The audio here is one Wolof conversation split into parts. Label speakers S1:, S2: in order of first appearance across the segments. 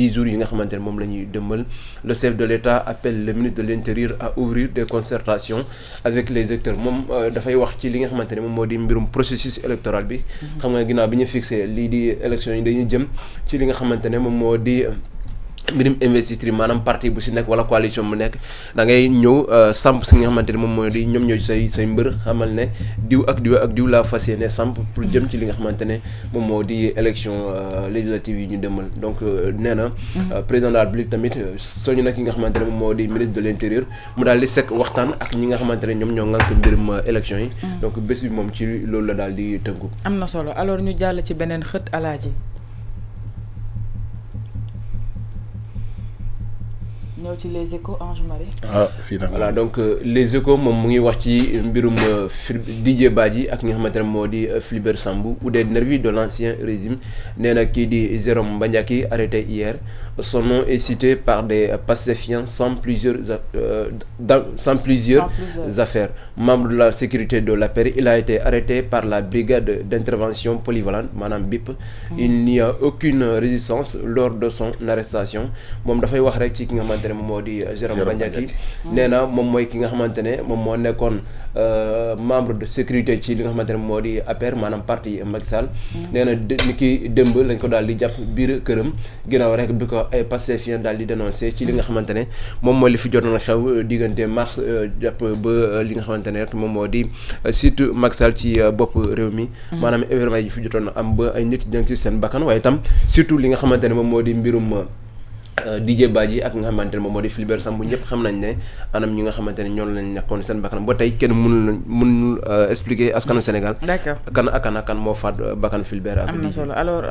S1: 10 jours yi nga xamantene mom lañuy la le chef de l'État appelle le ministre de l'Intérieur à ouvrir des concertations avec les acteurs euh, da fay wax ci li nga xamantene mom modi mbirum processus électoral bi mhm. xam nga ginaaw biñu fixé lii di élection yi dañuy jëm ci li nga xamantene mom modi euh, minim investisseur manam parti bu si nek wala coalition bu nek da ngay ñew eh, samp si nga xamanteni mom moy di ñom ñoy say say mbeur xamal ne diw ak diw ak diw la fassiyene samp pour jëm ci li nga xamanteni mom moy di élection eh, législative yi ñu demal donc eh, néna président de la république tamit soñu nak nga xamanteni mom moy di ministre de l'intérieur mu dal di sek waxtaan ak ñi nga xamanteni ñom ñoo ngank mbeurum élection yi mm. donc bëss bi mom ci loolu la dal di teunku
S2: amna solo alors ñu jall ci benen xëtt alaaji les échos Ange Marie. ah finalement.
S1: voilà donc euh, les échos mon mu wati wax ci mbirum euh, Didier Badji ak ñi nga xamante di euh, Sambou ou des nervis de l'ancien régime nee na kii di Jérôme Bandiaki arrêté hier son nom est cité par des pacifiants euh, sans plusieurs, sans plusieurs, affaires. Membre de la sécurité de la il a été arrêté par la brigade d'intervention polyvalente, Madame BIP. Hmm. Il n'y a aucune résistance lors de son arrestation. Euh, Jérôme membre de sécurité parti ba ay Pastef yéen daal di dénoncé ci li nga xamante ne moom moo li fi jotoon xew diggante mars euh, jàpp ba euh, li nga xamante ne rek moom moo di euh, surtout Macky ci bopp réew mi mm-hmm. maanaam événement yi fi jotoon am ba ay nit jàng ci seen bakkan waaye itam surtout li nga xamante ne moom moo di mbirum Euh, DJ Badji ak nga xamante ne moom moo di Philibert Sambou ñëpp xam nañ ne anam ñi nga xamante ne ñoom lañ nekkoon seen bakkan ba tey kenn mënul mënul euh, expliquer askanu Sénégal. d'accord kan ak kan ak kan moo faat euh, bakkan Philibert ak. am na solo
S2: alors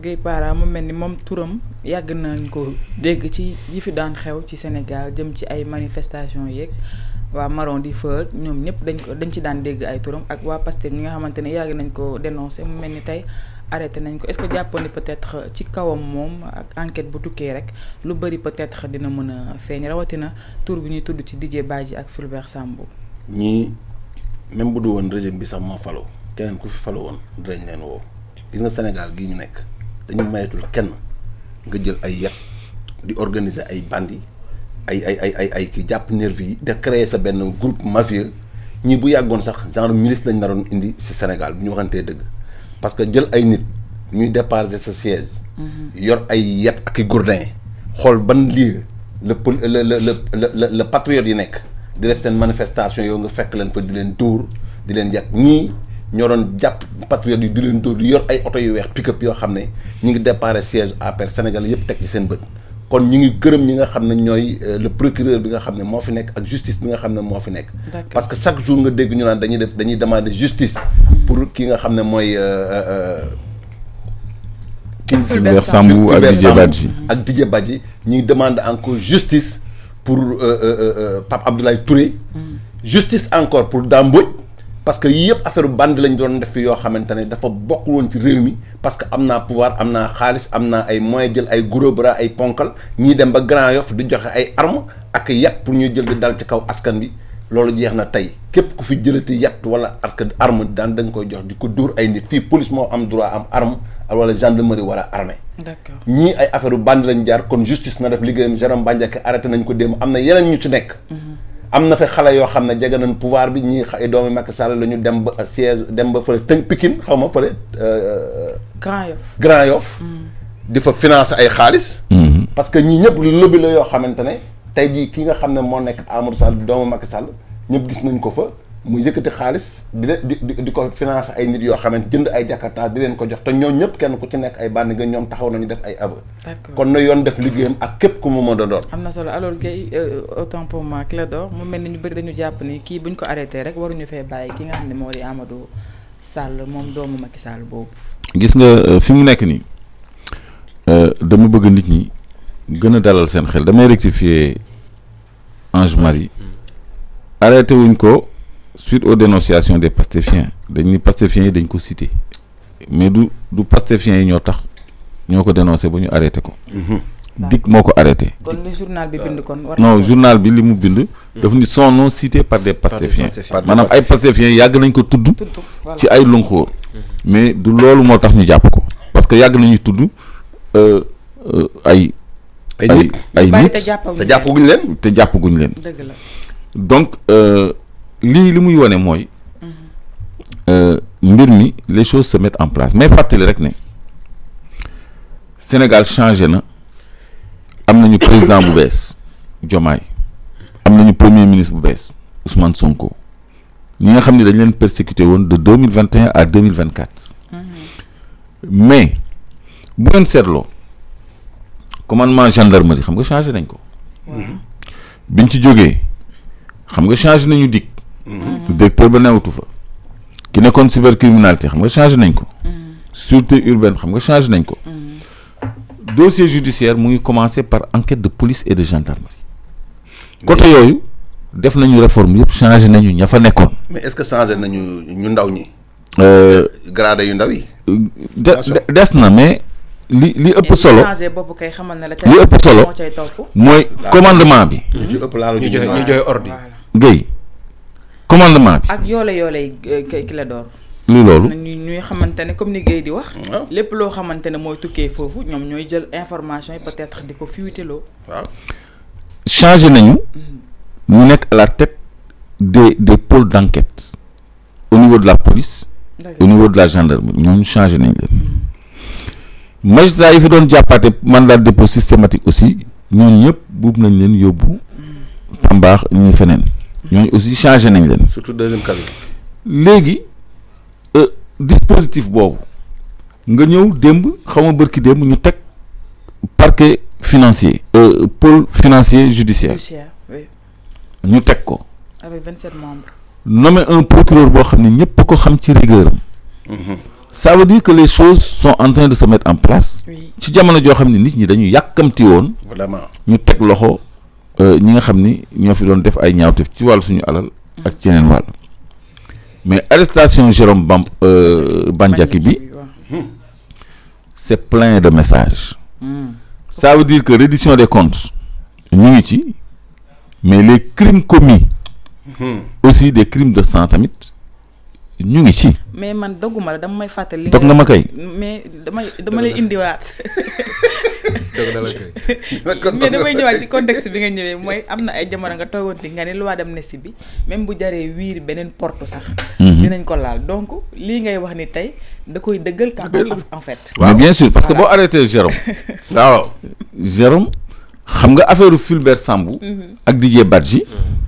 S2: Guèye Para mu mel ni moom turam yàgg nañ ko dégg ci yi fi daan xew ci Sénégal jëm ci ay manifestations yeeg. waa Maron di fa ñoom ñëpp dañ ko dañ ci daan dégg ay turam ak waa Pastef ñi nga xamante ne yàgg nañ ko dénoncé mu mel ni tey arrêté nañ ko est-ce que jàppoon ni peut euh, ci kawam moom ak enquête bu tukkee rek lu bëri peut-être dina mën a feeñ rawatina tur bi ñuy tudd ci Didier yi ak Fulbert Sambou.
S3: ñii même bu du woon régime bi sax moo falo keneen ku fi falo woon dinañ leen woo gis nga Sénégal gii ñu nekk dañu mayetul kenn nga jël ay yet di organiser ay bandi ay ay ay ay ay ki jàpp nervi yi de créer sa benn groupe mafieux ñii bu yàggoon sax genre milice lañ naroon indi si Sénégal bu ñu waxantee dëgg. parce que jël ay nit ñuy déparger sa siège. Mhm. yor ay yat ak i gourdin xool ban lieu le le le le le patriote yi nekk di def seen manifestation yo nga fekk leen fa di len tour di len yat ñi ñoo japp patriote yi di len tour di yor ay auto yu weex pick-up yo xam ñi ngi déparer siège à per Sénégal yépp tek ci sen bët. kon ñi ngi gërëm ñi nga xam ne ñooy euh, le procureur bi nga xam ne moo fi nekk ak justice bi nga xam ne moo fi nekk. parce que chaque jour nga dégg ñu naan dañuy def dañuy demander justice pour qui nga xam ne Fulbert euh, euh, euh, Sambou Didier Badji Nous demandons encore justice pour Pape Abdoulaye Touré. justice encore pour Damboy parce que yii affaire bande lañ doon def fi yoo dafa de parce que amna pouvoir amna naa amna ay moyens jël gros bras ay ponkal ñi dem ba Grand Yoff du joxe armes ak pour nous jël de dal ci kaw askan bi lolu jeex na tey képp ku fi jëlati yatt wala arc arme daan da koy jox di ko dóor ay nit fii police moo am droit am arme wala gendarmerie wala armée d'accord ñii ay affaire bandi lañ jaar kon justice na def liggéeyam Jérôme Bandiaky arrêté nañ ko démb am na yeneen ñu ci nekk mhm. am na fa xale yoo xam ne jege nañ pouvoir bi ñii ay doomi Macky Sall la ñu dem ba siège dem ba fële tënk Pikine xaw ma fële euh, Grand Yoff Grand Yoff mhm. di fa financer ay xaalis mhm. parce que ñii ñëpp lobby la yoo xamante ne tey jii ki nga xam ne moo nekk Amadou Sall doomu Macky Sall ñëpp gis nañ ko fa mu yëkkati xaalis di di di ko financé ay nit yoo xamante jënd ay jakarta di leen ko jox te ñoo ñëpp kenn ku ci nekk ay bànn gën ñoom taxaw nañu def ay
S2: aveu
S3: na yoon def liggéeyam ak képp ku mu mën doon
S2: am na solo alors Guèye euh, autant pour mu mel ni ñu bëri dañu jàpp ni kii buñ ko arrêté rek waruñu fee bàyyi ki nga xam ne moo di Amadou Sall moom doomu Macky Sall boobu
S4: gis nga euh, fi mu nekk nii euh, dama bëgg nit ñi gëna dalal seen xel damay rectifier Ange Marie mm. arrêté wuñ ko suite aux dénonciations des pastefiens dañ ni pastefiens yi dañ ko cité mais du du pastefiens yi ñoo tax ñoo ko dénoncé ba ñu arrêté ko. Mm-hmm. dik moo ko arrêté.
S2: kon li journal bi bind kon. non journal
S4: bi li mu bind. Mm. daf ni son nom cité par des pastéfiens. maanaam ay pastéfiens yàgg nañ ko tudd. ci ay lunxóor. Mm-hmm. mais du loolu moo tax ñu jàpp ko. parce que yàgg nañu tudd euh, euh, ay donc euh, C'est mm-hmm. euh, les choses se mettent en place mais fatel rek né sénégal changé na amna ñu président bu bess jomay amna premier ministre bu bess ousmane sonko ñi nga xamni dañ leen persécuter de 2021 à 2024
S1: mm-hmm.
S4: mais bu ñu sétlo commandement gendarmerie xam nga changé nañ ko. biñ ci jógee xam nga changé nañu dik mm-hmm. directeur ba newatu fa. ki nekkoon cybercriminalité xam nga changé nañ ko. Mm-hmm. sûreté urbaine xam nga changé nañ ko. Mm-hmm. dossier judiciaire mu ngi commencé par enquête de police et de gendarmerie. côté yooyu def nañu réforme yëpp changé nañu ña fa nekkoon.
S3: mais est-ce que changé nañu ñu ndaw ñi.
S4: Euh, grade yu ndaw yi. des na mais li li ëpp solo
S2: li ëpp solo commandement
S1: ñu
S4: commandement ak la door. loolu
S2: comme ni di wax. Ah. ne jël information peut-être
S4: nañu. Mm-hmm. à la tête des des pôles d'enquête au niveau de la police. au niveau de la gendarmerie ñoom changé mais yi fi doon jàppaate mandat de dépôt systématique aussi ñooñu ñëpp buub nañ leen yóbbu ñu aussi changé nañ leen. surtout deuxième cas euh, dispositif boobu nga ñëw démb xama barki ñu parquet financier. Euh, pôle financier judiciaire ñu teg ko.
S2: avec 27 membres.
S4: nommé un procureur boo xam ñëpp ça veut dire que les choses sont en train de se mettre en place. ci jamono jo xamni nit ñi dañu yàkkamti woon. ñu tek loxo euh, ñi nga xamni ni ñoo fi doon def ay ñaawtef ci walu suñu alal. ak ci yeneen wàll. mais arrestation Jérôme Bam euh, banjaki bi hmm. c'est plein de messages. Hmm. ça veut dire que reddition des comptes ñu ngi ci mais les crimes commis. Hmm. aussi des crimes de sang tamit. ñu ngi ci.
S2: mais man dogguma la dama may fàttali. dog nga ma kay mais dama dama lay indiwaat. mais damay ñëwaat ci contexte bi nga ñëwee mooy am na ay jamono nga toogoon fi nga ne loi d'amnistie bi même bu jaree wiir beneen porte sax. Mhm. dinañ ko laal donc lii ngay wax ni tey da koy dëggal ka en fait.
S4: waaw bien sûr parce que boo arrêté Jérôme. waaw Jérôme xam nga affaire Fulbert Sambou. Mhm. ak Didier Badji. Mhm.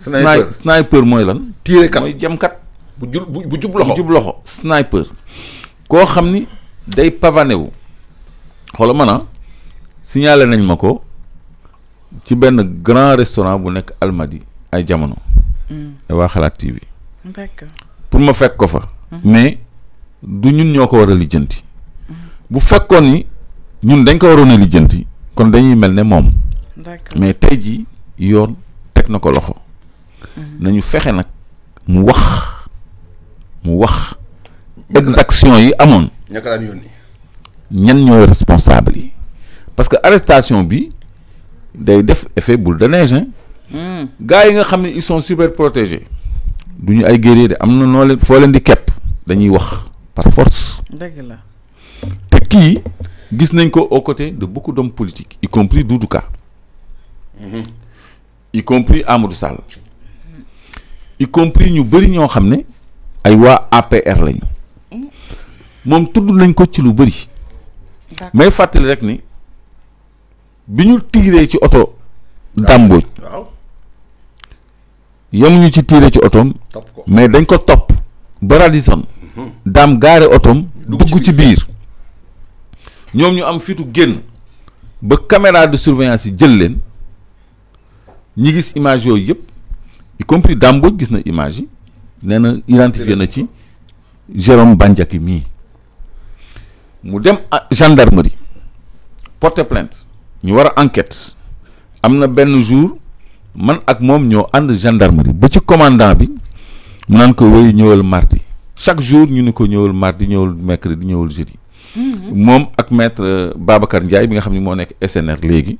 S4: sniper sniper moy lan. tiire kan mooy jamkat. bu jub bu jub loxo jub loxo sniper. ko xamni day pavané wu xoola man ah, signaler nañ mako ci ben grand restaurant bu nek Almadi ay jamono. Mm. wa xalaat TV. d'accord pour ma fek ko fa. Mm-hmm. mais du ñun ñoko wara war a mm-hmm. bu fekkoon ñun dañ ko waroon a lijjanti kon dañuy melne mom d'accord mais tey ji yoon teg na ko loxo nañu fexe nag mu wax mu wax exaction yi amoon ñaka daan ñan ñooy responsable yi parce que arrestation bi day def effet boule de neige hein? hmm. gars yi nga xam ne ils sont super protégés du ñu ay guerrier de am na noo leen foo leen di kepp dañuy wax par force dëgg la te kii gis nañ ko au côtés de beaucoup d'hommes politiques y compris Doudou Ka mhm y compris Amadou Sall y compris ñu bëri ñoo xam ne ay waa APR lañu moom tudd nañ ko ci lu bëri may fàttali rek ni bi ñu ci oto dàmbooj yam ñu ci tiiree ci otoom mais dañ ko top. ba mhm. dame garé gaare otoom ci biir Ñom ñu am fitu génn ba caméra de surveillance yi jël leen ñi gis image yooyu yëpp y compris gis na image yi nee na identifié na ci Jérôme Bandiaky mii mu dem gendarmerie porter plainte ñu war a enquête am na benn jour man ak moom ñoo ànd gendarmerie ba ci commandant bi mu naan ko wéy ñëwal mardi chaque jour ñu ni ko ñëwal mardi ñëwal mercredi ñëwal jeudi mm-hmm. moom ak maître euh, Babacar njaay bi nga xam ne moo nekk SNR léegi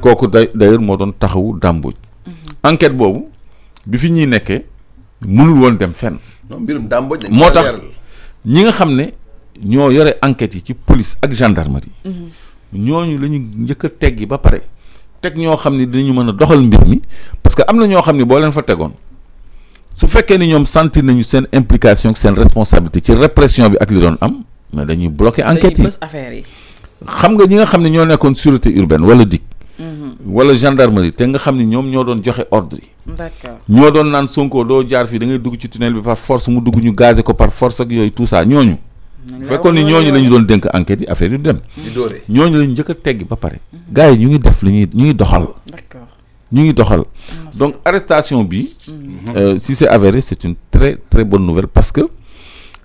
S4: kooku day d'ailleurs moo doon taxawu dàmbuj mhm. enquête boobu bi fi ñuy nekkee mënul woon dem fenn.
S3: mbirum moo tax
S4: ñi nga xam ne ñoo yore enquêtes yi ci police ak gendarmerie. Mhm. ñooñu la ñu njëkk a teggi ba pare teg ñoo xam ne dinañu mën a doxal mbir mi parce que am na ñoo xam ne boo leen fa tegoon su fekkee ni ñoom sentir nañu seen implication seen responsabilité ci répression bi ak li doon am mais dañuy bloqué enquête yi xam nga ñi nga xam ne ñoo nekkoon sûreté urbaine wala dik wala gendarmerie te nga xamni ñom ñoom ñoo doon joxe ordre d'accord ñoo doon naan Sonko do jaar fi da ngay dugg ci tunnel bi par force mu dugg ñu gazé ko par force ak yoy tout ça ñoñu bu fekkoon ni ñooñu la doon dénk enquête affaire yu dem. di doore ñoñu lañu ñu njëkk ba paré gaay ñu ngi def lu ñuy doxal. d'accord ñu ngi doxal. donc arrestation bi. Mhm. euh, si c'est avéré c'est une très très bonne nouvelle parce que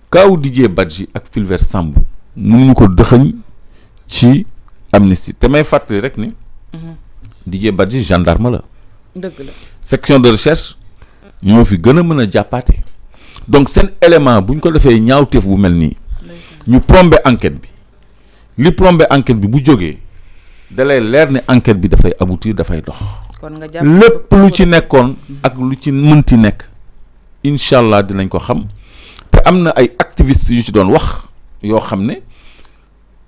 S4: kaaw Didier Badji ak Fulbert sambu mënu ko dexeñ ci amnistie te may fàttali rek ni. Didier Badji gendarme la. section de recherche ñu fi gëna mëna choses. donc sen élément buñ ko ñaawtef bu nous ñu enquête bi li enquête bi bu joggé dalay enquête bi fay aboutir fay dox. kon lu activistes yu ci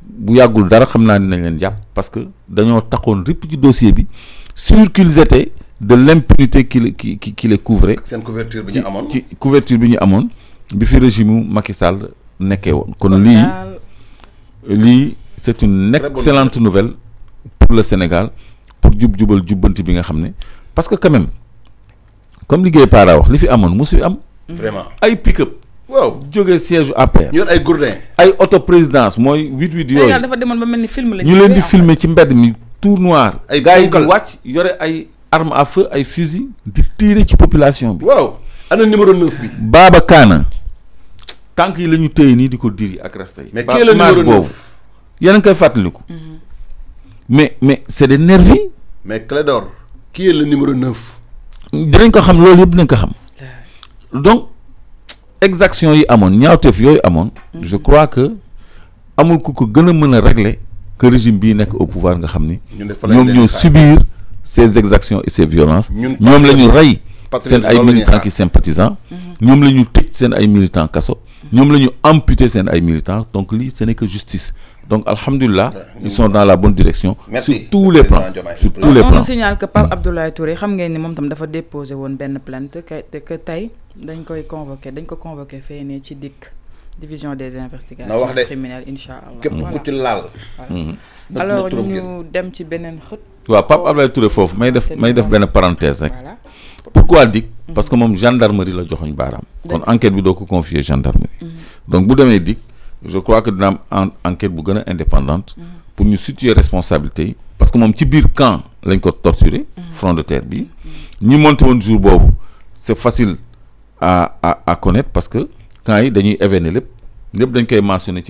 S4: bu yagul dara xam naa dinañ leen jàpp parce que dañoo taxoon ripp ci dossier bi sûr qu'ils étaient de l'impunité qui qui qui qui les couvrait. seen couverture bi ñu amoon ci couverture bi ñu amoon bi fi régime Macky Sall nekkee woon. kon lii lii c'est une excellente nouvelle pour le Sénégal pour jub jubal jubbanti bi nga xam ne parce que quand même comme liggéey Paara wax li fi amoon mosu fi am. vraiment ay pick-up waaw jógee siège APR. yor ay gourdin ay auto présidence mooy huit huit yooyu.
S2: dafa demoon ba mel film la ñu leen di
S4: filmer ci mbéd mi tout noir. ay gars yi wacc yoré ay arme à feu ay fusil di tirer ci population bi.
S2: waaw
S3: ana numéro 9 bi.
S4: Baba kana tank yi lañu ñu ni diko di ko diri ak rasta yi. mais est le numéro 9 boobu yéen a ngi koy fàttaliku. Mhm. mais mais c'est des nervis.
S3: mais Clédor. qui est le numéro 9.
S4: dinañ ko xam loolu yëpp dinañ ko xam. donc exaction yi amone ñaawteef yooyu amoon mhm. je crois que amul ku ko gën régler que régime bii au pouvoir nga xam subir ces exactions et ces violences ñoom la ñu rey ay militants qui sympathisants mhm. ñoom la ñu tëj ay militants kaso mhm. ñoom la ñu amputé ay militants donc ce n'est que justice donc, Alhamdulillah, ils sont dans la bonne direction Merci. sur tous les plans. Sur tous les on plans. nous
S2: signale que Pape Abdoulaye Touré, vous savez qu'il a déposé une plainte que, que aujourd'hui, convoqué, il a convoqué à DIC, Division des investigations criminelles, Inch'Allah. Képp ci mhm. Alors, nous allons ci benen autre...
S4: Wa Pape Abdoulaye Touré je may def may def ben parenthèse rek. Pourquoi DIC mhm. Parce que mom gendarmerie la joxogn baram. Kon enquête bi do ko confier gendarmerie. Mhm. Donc vous démé DIC je crois que avons une enquête bu indépendante pour nous situer responsabilité parce que moom ci birkan camp lañ ko torturé front de terre bi ni un jour que c'est facile à à à connaître parce que quand yi dañuy événer lépp nous dañ koy mentionné